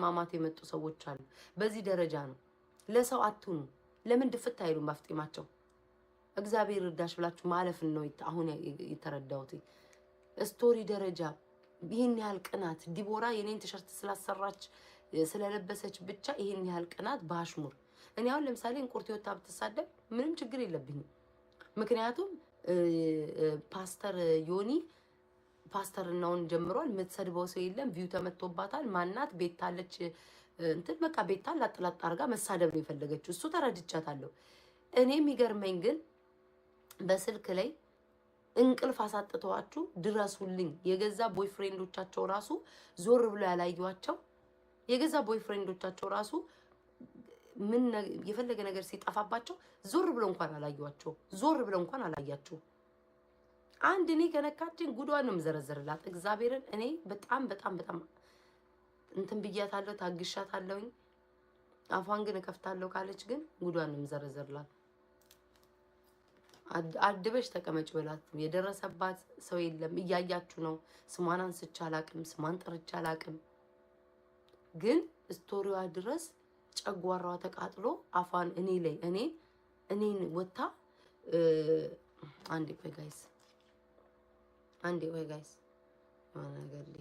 ህማማት የመጡ ሰዎች አሉ። በዚህ ደረጃ ነው። ለሰው አትሁኑ። ለምን ድፍት አይሉም ባፍጤማቸው? እግዚአብሔር እርዳሽ ብላችሁ ማለፍን ነው አሁን የተረዳሁት። ስቶሪ ደረጃ ይህን ያህል ቅናት፣ ዲቦራ የኔን ቲሸርት ስላሰራች ስለለበሰች ብቻ ይህን ያህል ቅናት በአሽሙር። እኔ አሁን ለምሳሌ እንቁርት ወታ ብትሳደብ ምንም ችግር የለብኝም። ምክንያቱም ፓስተር ዮኒ ፓስተር ጀምሯል። የምትሰድበው ሰው የለም። ቪው ተመቶባታል። ማናት ቤታለች እንትን በቃ ቤታ ላጥላጥ አርጋ መሳደብ ነው የፈለገችው። እሱ ተረድቻታለሁ። እኔ የሚገርመኝ ግን በስልክ ላይ እንቅልፍ አሳጥተዋችሁ ድረሱልኝ። የገዛ ቦይፍሬንዶቻቸው ራሱ ዞር ብሎ ያላዩቸው የገዛ ቦይፍሬንዶቻቸው ራሱ ምን የፈለገ ነገር ሲጠፋባቸው ዞር ብሎ እንኳን አላዩቸው፣ ዞር ብሎ እንኳን አላያቸው። አንድ እኔ ከነካችን ጉዷን ነው የምዘረዝርላት። እግዚአብሔርን እኔ በጣም በጣም በጣም እንትን ብያታለሁ፣ ታግሻታለሁኝ። አፏን ግን እከፍታለሁ ካለች ግን ጉዷን ነው የምዘረዝርላት። አድበሽ ተቀመጭ ብላት የደረሰባት ሰው የለም። እያያችሁ ነው። ስሟን አንስቼ አላቅም፣ ስሟን ጠርቼ አላቅም። ግን ስቶሪዋ ድረስ ጨጓራዋ ተቃጥሎ አፏን እኔ ላይ እኔ እኔን ወታ አንዴ ቆይ ጋይስ አንዴ ወይ ጋይስ የሆነ ነገር ሊ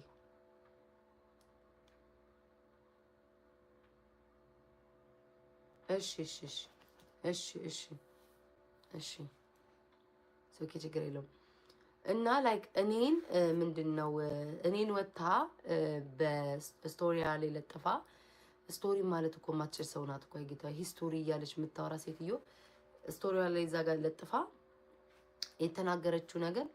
እሺ እሺ እሺ እሺ እሺ እሺ ሶኬ ችግር የለውም። እና ላይክ እኔን ምንድን ነው እኔን ወታ በስቶሪ ላይ ለጥፋ። ስቶሪ ማለት እኮ ማትችል ሰው ናት እኮ ጌታ ሂስቶሪ እያለች የምታወራ ሴትዮ ስቶሪ ላይ እዛ ጋር ለጥፋ የተናገረችው ነገር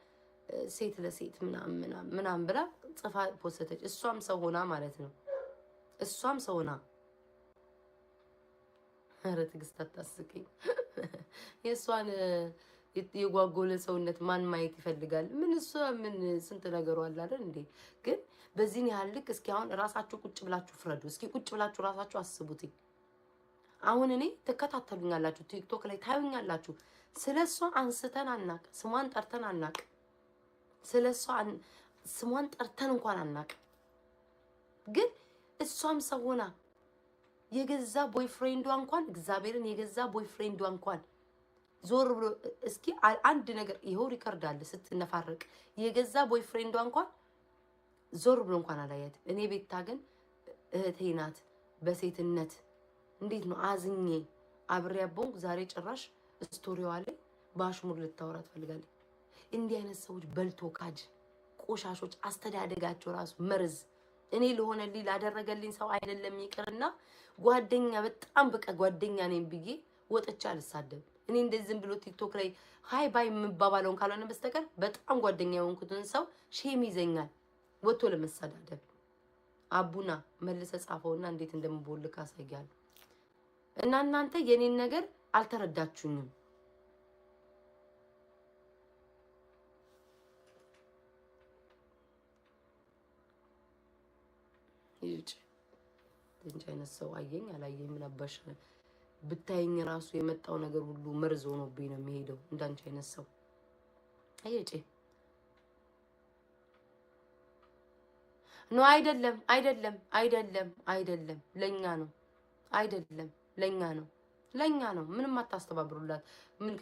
ሴት ለሴት ምናምን ምናምን ብላ ጽፋ ፖስተች። እሷም ሰው ሆና ማለት ነው። እሷም ሰው ሆና ኧረ ትዕግስት አታስቀኝ። የእሷን የጓጎለ ሰውነት ማን ማየት ይፈልጋል? ምን እሷ ምን ስንት ነገሩ አለ እንዴ? ግን በዚህን ያህል ልክ እስኪ አሁን ራሳችሁ ቁጭ ብላችሁ ፍረዱ። እስኪ ቁጭ ብላችሁ ራሳችሁ አስቡትኝ። አሁን እኔ ትከታተሉኛላችሁ፣ ቲክቶክ ላይ ታዩኛላችሁ። ስለ እሷ አንስተን አናቅ፣ ስሟን ጠርተን አናቅ ስለ እሷ ስሟን ጠርተን እንኳን አናቅም። ግን እሷም ሰውና የገዛ ቦይፍሬንዷ እንኳን እግዚአብሔርን የገዛ ቦይፍሬንዷ እንኳን ዞር ብሎ እስኪ አንድ ነገር ይኸው ሪከርድ አለ ስትነፋረቅ የገዛ ቦይፍሬንዷ እንኳን ዞር ብሎ እንኳን አላያት እኔ ቤታ ግን እህቴ ናት። በሴትነት እንዴት ነው አዝኜ አብሬ ያቦንኩ ዛሬ ጭራሽ ስቶሪዋ ላይ በአሽሙር ልታወራ ትፈልጋለች። እንዲህ አይነት ሰዎች በልቶ ካጅ ቆሻሾች፣ አስተዳደጋቸው ራሱ መርዝ። እኔ ለሆነልኝ ላደረገልኝ ሰው አይደለም ይቅርና ጓደኛ በጣም በቃ ጓደኛ ነኝ ብዬ ወጥቼ አልሳደብ። እኔ እንደዚህ ዝም ብሎ ቲክቶክ ላይ ሀይ ባይ የምባባለውን ካልሆነ በስተቀር በጣም ጓደኛ የሆንኩትን ሰው ሼም ይዘኛል ወጥቶ ለመሳዳደብ። አቡና መልሰ ጻፈውና እንዴት እንደምቦልክ አሳያለሁ። እና እናንተ የኔን ነገር አልተረዳችሁኝም። ይጭ እንጂ አይነት ሰው አየኝ አላየኝ ነበርሽ። አባሽ ብታይኝ ራሱ የመጣው ነገር ሁሉ መርዝ ሆኖብኝ ነው የሚሄደው። እንዳንቺ አይነት ሰው አየጭ ኖ አይደለም፣ አይደለም፣ አይደለም፣ አይደለም። ለኛ ነው አይደለም፣ ለኛ ነው ለኛ ነው። ምንም አታስተባብሩላት። ምን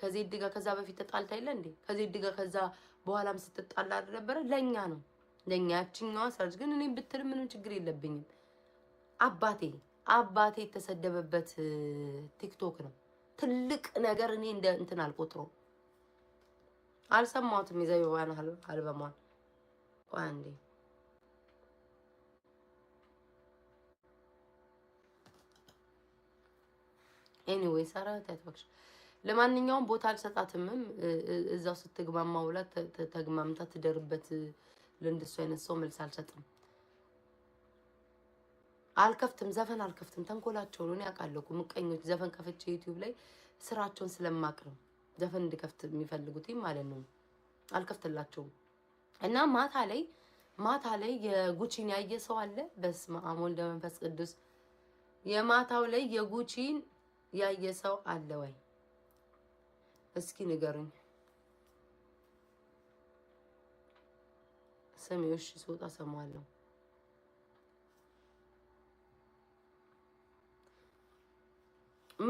ከዜድ ጋር ከዛ በፊት ተጣልታ የለ እንዴ? ከዜድ ጋር ከዛ በኋላም ስትጣላ ነበረ። ለኛ ነው ለእኛ ያችኛዋ ሰርጅ ግን እኔ ብትል ምንም ችግር የለብኝም። አባቴ አባቴ የተሰደበበት ቲክቶክ ነው። ትልቅ ነገር እኔ እንደ እንትን አልቆጥረው። አልሰማሁትም የዘቢባን አልበሟን አንዴ ኤኒዌይ ሳራ ታትባክሽ ለማንኛውም ቦታ አልሰጣትምም። እዛው ስትግማማ ውላ ተግማምታ ትደርበት ለእንደሱ አይነት ሰው መልስ አልሰጥም። አልከፍትም፣ ዘፈን አልከፍትም። ተንኮላቸውን እኔ አውቃለሁ ምቀኞች። ዘፈን ከፍቼ ዩቲዩብ ላይ ስራቸውን ስለማቅርብ ዘፈን እንድከፍት የሚፈልጉት ማለት ነው። አልከፍትላቸውም እና ማታ ላይ ማታ ላይ የጉቺን ያየ ሰው አለ። በስመ አብ ወልደ መንፈስ ቅዱስ። የማታው ላይ የጉቺን ያየ ሰው አለ ወይ? እስኪ ንገሩኝ። እሺ፣ ሲወጣ ሰማለሁ።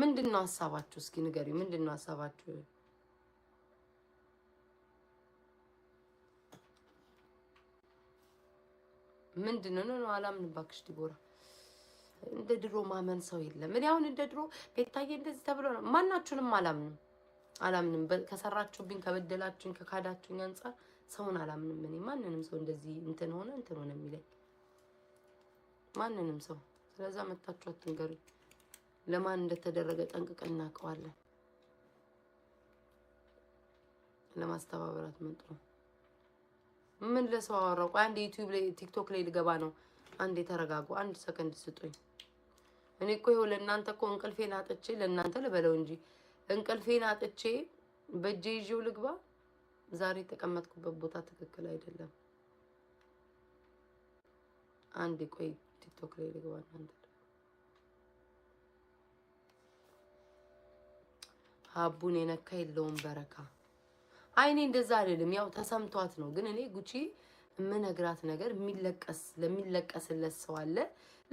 ምንድን ነው ሀሳባችሁ? እስኪ ንገሪ። ምንድን ነው ሀሳባችሁ? ምንድን ነው ነው? አላምን እባክሽ ዲቦራ። እንደ ድሮ ማመን ሰው የለም። እኔ አሁን እንደ ድሮ ቤታዬ እንደዚህ ተብሎ ነው ማናችሁንም አላምንም አላምንም። ከሰራችሁብኝ፣ ከበደላችሁኝ፣ ከካዳችሁኝ አንጻር ሰውን አላምንም እኔ ማንንም ሰው እንደዚህ እንትን ሆነ እንትን ሆነ የሚለኝ ማንንም ሰው። ስለዛ መታችሁ አትንገሩኝ። ለማን እንደተደረገ ጠንቅቀን እናውቀዋለን። ለማስተባበራት መጥሮ ምን ለሰው አወራሁ። አንድ ዩቲዩብ ላይ ቲክቶክ ላይ ልገባ ነው። አንድ የተረጋጉ አንድ ሰከንድ ስጡኝ። እኔ እኮ ይኸው ለእናንተ እኮ እንቅልፌን አጥቼ ለእናንተ ልበለው እንጂ እንቅልፌን አጥቼ በእጄ ይዤው ልግባ ዛሬ የተቀመጥኩበት ቦታ ትክክል አይደለም። አንድ ቆይ ቲክቶክ ላይ ልግባና እንትን ሀቡን የነካ የለውም በረካ። አይ እኔ እንደዛ አይደለም፣ ያው ተሰምቷት ነው። ግን እኔ ጉቺ የምነግራት ነገር የሚለቀስ ለሚለቀስለት ሰው አለ፣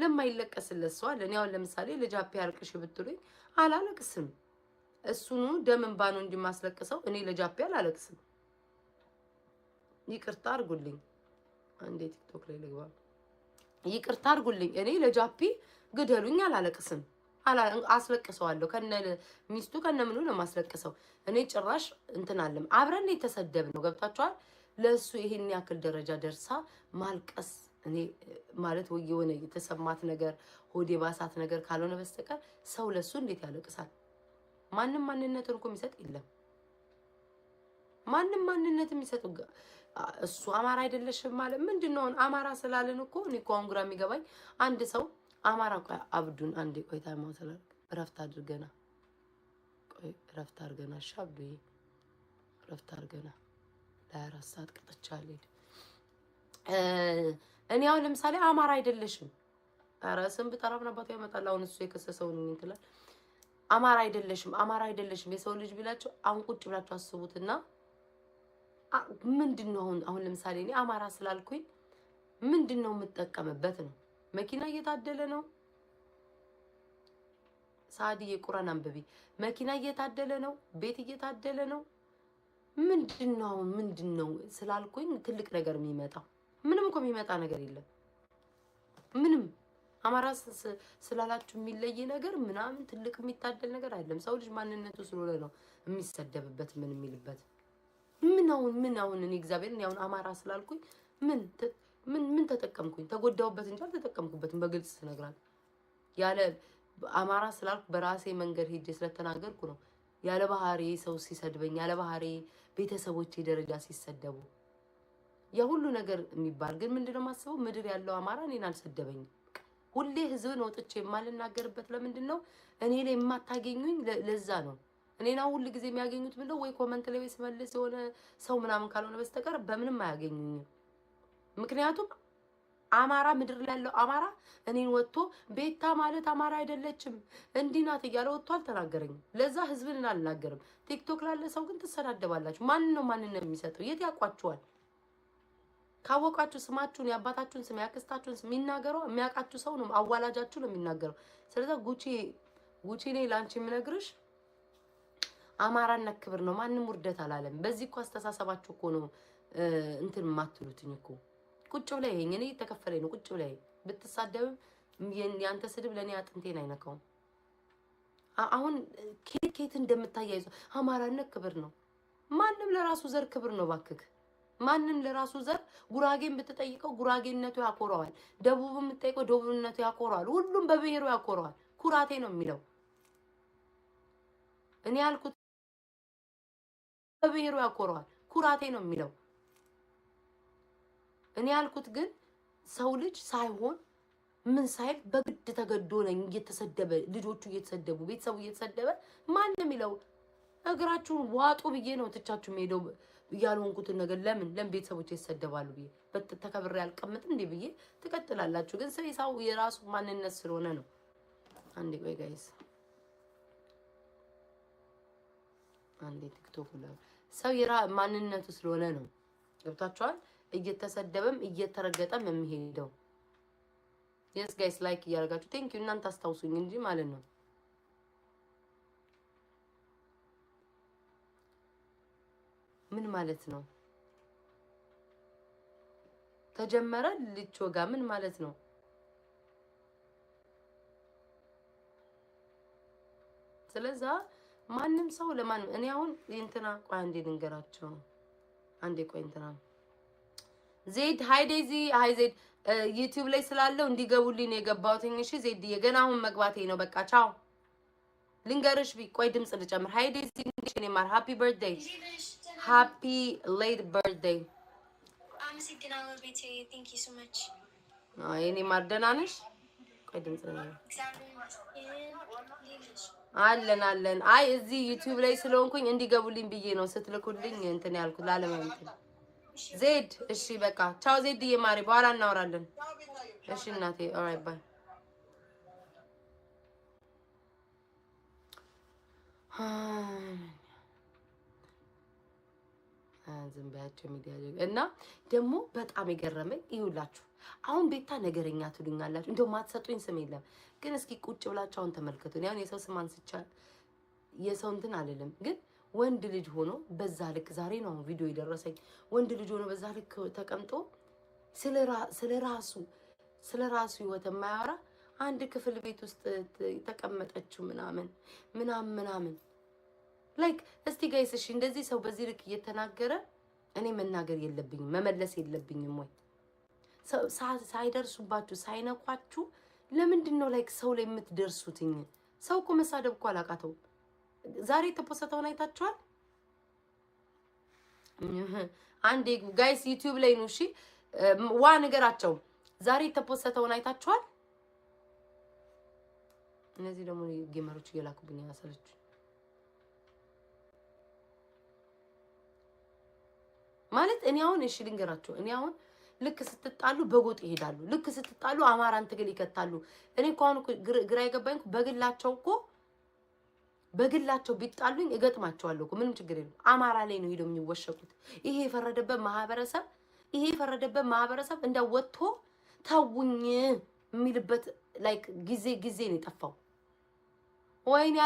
ለማይለቀስለት ሰው አለ። እኔ አሁን ለምሳሌ ለጃፒ አፔ አልቅሽ ብትሉኝ አላለቅስም። እሱኑ ደምን ባኖ እንጂ ማስለቅሰው እኔ ለጃፒ አላለቅስም። ይቅርታ አርጉልኝ። አንዴ ቲክቶክ ላይ ልግባ። ይቅርታ አርጉልኝ። እኔ ለጃፒ ግደሉኝ አላለቅስም፣ አስለቅሰዋለሁ። ከነ ሚስቱ ከነ ምኑ ነው እኔ ጭራሽ እንትን አለም አብረን የተሰደብ ነው ገብታችኋል። ለእሱ ይሄን ያክል ደረጃ ደርሳ ማልቀስ እኔ ማለት የሆነ የተሰማት ነገር ሆዴ ባሳት ነገር ካልሆነ በስተቀር ሰው ለሱ እንዴት ያለቅሳል? ማንም ማንነትን እኮ የሚሰጥ የለም። ማንም ማንነት የሚሰጥ እሱ አማራ አይደለሽም ማለት ምንድን ነው? አማራ ስላልን እኮ እኔ እኮ አሁን ግራ የሚገባኝ አንድ ሰው አማራ ቆይ አብዱን አንድ ቆይ ታይማ ስላል እረፍት አድርገና ቆይ እረፍት አድርገና እሺ አብዱዬ እረፍት አድርገና ለሀያ አራት ሰዓት ቀጥቻ አልሄድም። እኔ አሁን ለምሳሌ አማራ አይደለሽም ኧረ ስም ብጠራ ምን አባቱ ያመጣል? አሁን እሱ የከሰሰውን እኔን ትላል። አማራ አይደለሽም፣ አማራ አይደለሽም የሰው ልጅ ቢላቸው አሁን ቁጭ ብላቸው አስቡትና ምንድን ነው አሁን አሁን ለምሳሌ እኔ አማራ ስላልኩኝ ምንድን ነው የምጠቀምበት ነው? መኪና እየታደለ ነው። ሳድዬ ቁራን አንብቢ። መኪና እየታደለ ነው። ቤት እየታደለ ነው። ምንድን ነው አሁን ምንድን ነው ስላልኩኝ ትልቅ ነገር የሚመጣው? ምንም እኮ የሚመጣ ነገር የለም። ምንም አማራ ስላላችሁ የሚለይ ነገር ምናምን ትልቅ የሚታደል ነገር አይደለም። ሰው ልጅ ማንነቱ ስለሆነ ነው የሚሰደብበት ምን የሚልበት ምን አሁን ምን አሁን እኔ እግዚአብሔርን ያሁን አማራ ስላልኩኝ ምን ምን ምን ተጠቀምኩኝ? ተጎዳውበት እንጂ አልተጠቀምኩበትም። በግልጽ ስነግራት ያለ አማራ ስላልኩ በራሴ መንገድ ሄጄ ስለተናገርኩ ነው። ያለ ባህሪ ሰው ሲሰድበኝ፣ ያለ ባህሪ ቤተሰቦቼ ደረጃ ሲሰደቡ፣ ያ ሁሉ ነገር የሚባል ግን ምንድነው ማስበው ምድር ያለው አማራ እኔን አልሰደበኝም። ሁሌ ህዝብን ወጥቼ የማልናገርበት ለምንድን ነው? እኔ ላይ የማታገኙኝ ለዛ ነው። እኔና ሁል ጊዜ የሚያገኙት ብለው ወይ ኮመንት ላይ ስመልስ የሆነ ሰው ምናምን ካልሆነ በስተቀር በምንም አያገኙኝም። ምክንያቱም አማራ ምድር ላይ ያለው አማራ እኔን ወጥቶ ቤታ ማለት አማራ አይደለችም እንዲህ ናት እያለ ወጥቶ አልተናገረኝም። ለዛ ህዝብን አልናገርም። ቲክቶክ ላለ ሰው ግን ትሰዳደባላችሁ። ማን ነው ማን ነው የሚሰጠው? የት ያውቋችኋል? ካወቃችሁ ስማችሁን፣ የአባታችሁን ስም፣ ያክስታችሁን ስም የሚናገረው የሚያውቃችሁ ሰው ነው። አዋላጃችሁ ነው የሚናገረው። ስለዛ ጉቺ ጉቺ እኔ ላንቺ የምነግርሽ አማራና ክብር ነው። ማንም ውርደት አላለም። በዚህ እኮ አስተሳሰባችሁ እኮ ነው እንትን የማትሉትኝ እኮ ቁጭ ብላ ይሄኝ እኔ ተከፈለኝ ነው። ቁጭ ብላ ብትሳደብም ያንተ ስድብ ለእኔ አጥንቴን አይነካውም። አሁን ኬት ኬት እንደምታያይዘ አማራነት ክብር ነው። ማንም ለራሱ ዘር ክብር ነው። ባክክ ማንም ለራሱ ዘር ጉራጌን ብትጠይቀው ጉራጌነቱ ያኮረዋል። ደቡብ የምትጠይቀው ደቡብነቱ ያኮረዋል። ሁሉም በብሔሩ ያኮረዋል። ኩራቴ ነው የሚለው እኔ ያልኩት በብሔሩ ያኮረዋል። ኩራቴ ነው የሚለው። እኔ ያልኩት ግን ሰው ልጅ ሳይሆን ምን ሳይል በግድ ተገዶ ነኝ እየተሰደበ ልጆቹ እየተሰደቡ ቤተሰቡ እየተሰደበ ማንም ይለው እግራችሁን ዋጡ ብዬ ነው ትቻችሁ ሄደው ያልሆንኩትን ነገር ለምን ለምን ቤተሰቦች ይሰደባሉ ብዬ ተከብሬ ያልቀምጥ እንዲህ ብዬ ትቀጥላላችሁ። ግን ሰው የራሱ ማንነት ስለሆነ ነው። አንዴ ቆይ ጋይስ አንዴ ቲክቶክ ሰው ይራ ማንነቱ ስለሆነ ነው። ገብታችኋል? እየተሰደበም እየተረገጠም የሚሄደው የስ ጋይስ ላይክ እያደረጋችሁ ዩ እናንተ አስታውሱኝ እንጂ ማለት ነው። ምን ማለት ነው? ተጀመረ ልጅ ወጋ ምን ማለት ነው? ስለዛ ማንም ሰው ለማንም እኔ አሁን እንትና ቆይ አንዴ ልንገራቸው ነው። አንዴ ቆይ እንትና ዜድ ሃይ ዴዚ ሃይ ዜድ ዩቲዩብ ላይ ስላለው እንዲገቡልኝ ነው የገባሁት። እሺ ዜድ የገና አሁን መግባቴ ነው። በቃ ቻው ልንገርሽ ቢ ቆይ ድምጽ ልጨምር። ሃይ ዴዚ እኔ ማር ሃፒ በርዝዴይ ሃፒ ሌት በርዝዴይ የኔ ማር ደህና ነሽ? ቆይ ድምጽ ነው አለን አለን። አይ እዚህ ዩቲዩብ ላይ ስለሆንኩኝ እንዲገቡልኝ ብዬ ነው ስትልኩልኝ እንትን ያልኩት ላለመምት። ዜድ እሺ፣ በቃ ቻው ዜድ ማሪ በኋላ እናወራለን። እሺ እናቴ፣ ኦራይት ባይ። ዝም በያቸው ሚዲያ እና ደግሞ በጣም የገረመኝ ይውላችሁ አሁን ቤታ ነገረኛ ትሉኛላችሁ፣ እንደው ማትሰጡኝ ስም የለም። ግን እስኪ ቁጭ ብላችሁ አሁን ተመልከቱ። እኔ አሁን የሰው ስም አንስቻ የሰው እንትን አልልም፣ ግን ወንድ ልጅ ሆኖ በዛ ልክ ዛሬ ነው አሁን ቪዲዮ የደረሰኝ። ወንድ ልጅ ሆኖ በዛ ልክ ተቀምጦ ስለ ራሱ ስለ ራሱ ህይወት የማያወራ አንድ ክፍል ቤት ውስጥ ተቀመጠችው ምናምን ምናምን ምናምን ላይክ እስቲ ጋይስ፣ እሺ እንደዚህ ሰው በዚህ ልክ እየተናገረ እኔ መናገር የለብኝም መመለስ የለብኝም ወይ? ሳይደርሱባችሁ ሳይነኳችሁ ለምንድን ነው ላይክ ሰው ላይ የምትደርሱትኝ? ሰው እኮ መሳደብ እኮ አላቃተው። ዛሬ የተፖሰተውን አይታችኋል? አንዴ ጋይስ ዩቲዩብ ላይ ነው እሺ፣ ዋ ንገራቸው። ዛሬ የተፖሰተውን አይታችኋል? እነዚህ ደግሞ ጌመሮች እየላኩብኝ ያሰለች ማለት እኔ አሁን እሺ ልንገራቸው እኔ አሁን ልክ ስትጣሉ በጎጥ ይሄዳሉ። ልክ ስትጣሉ አማራን ትግል ይከታሉ። እኔ እኮ አሁን ግራ የገባኝ በግላቸው እኮ በግላቸው ቢጣሉኝ እገጥማቸዋለሁ እኮ ምንም ችግር የለም። አማራ ላይ ነው ሄደው የሚወሸቁት። ይሄ የፈረደበት ማህበረሰብ ይሄ የፈረደበት ማህበረሰብ እንዳው ወጥቶ ታውኝ የሚልበት ላይክ ጊዜ ጊዜ ነው የጠፋው ወይኔ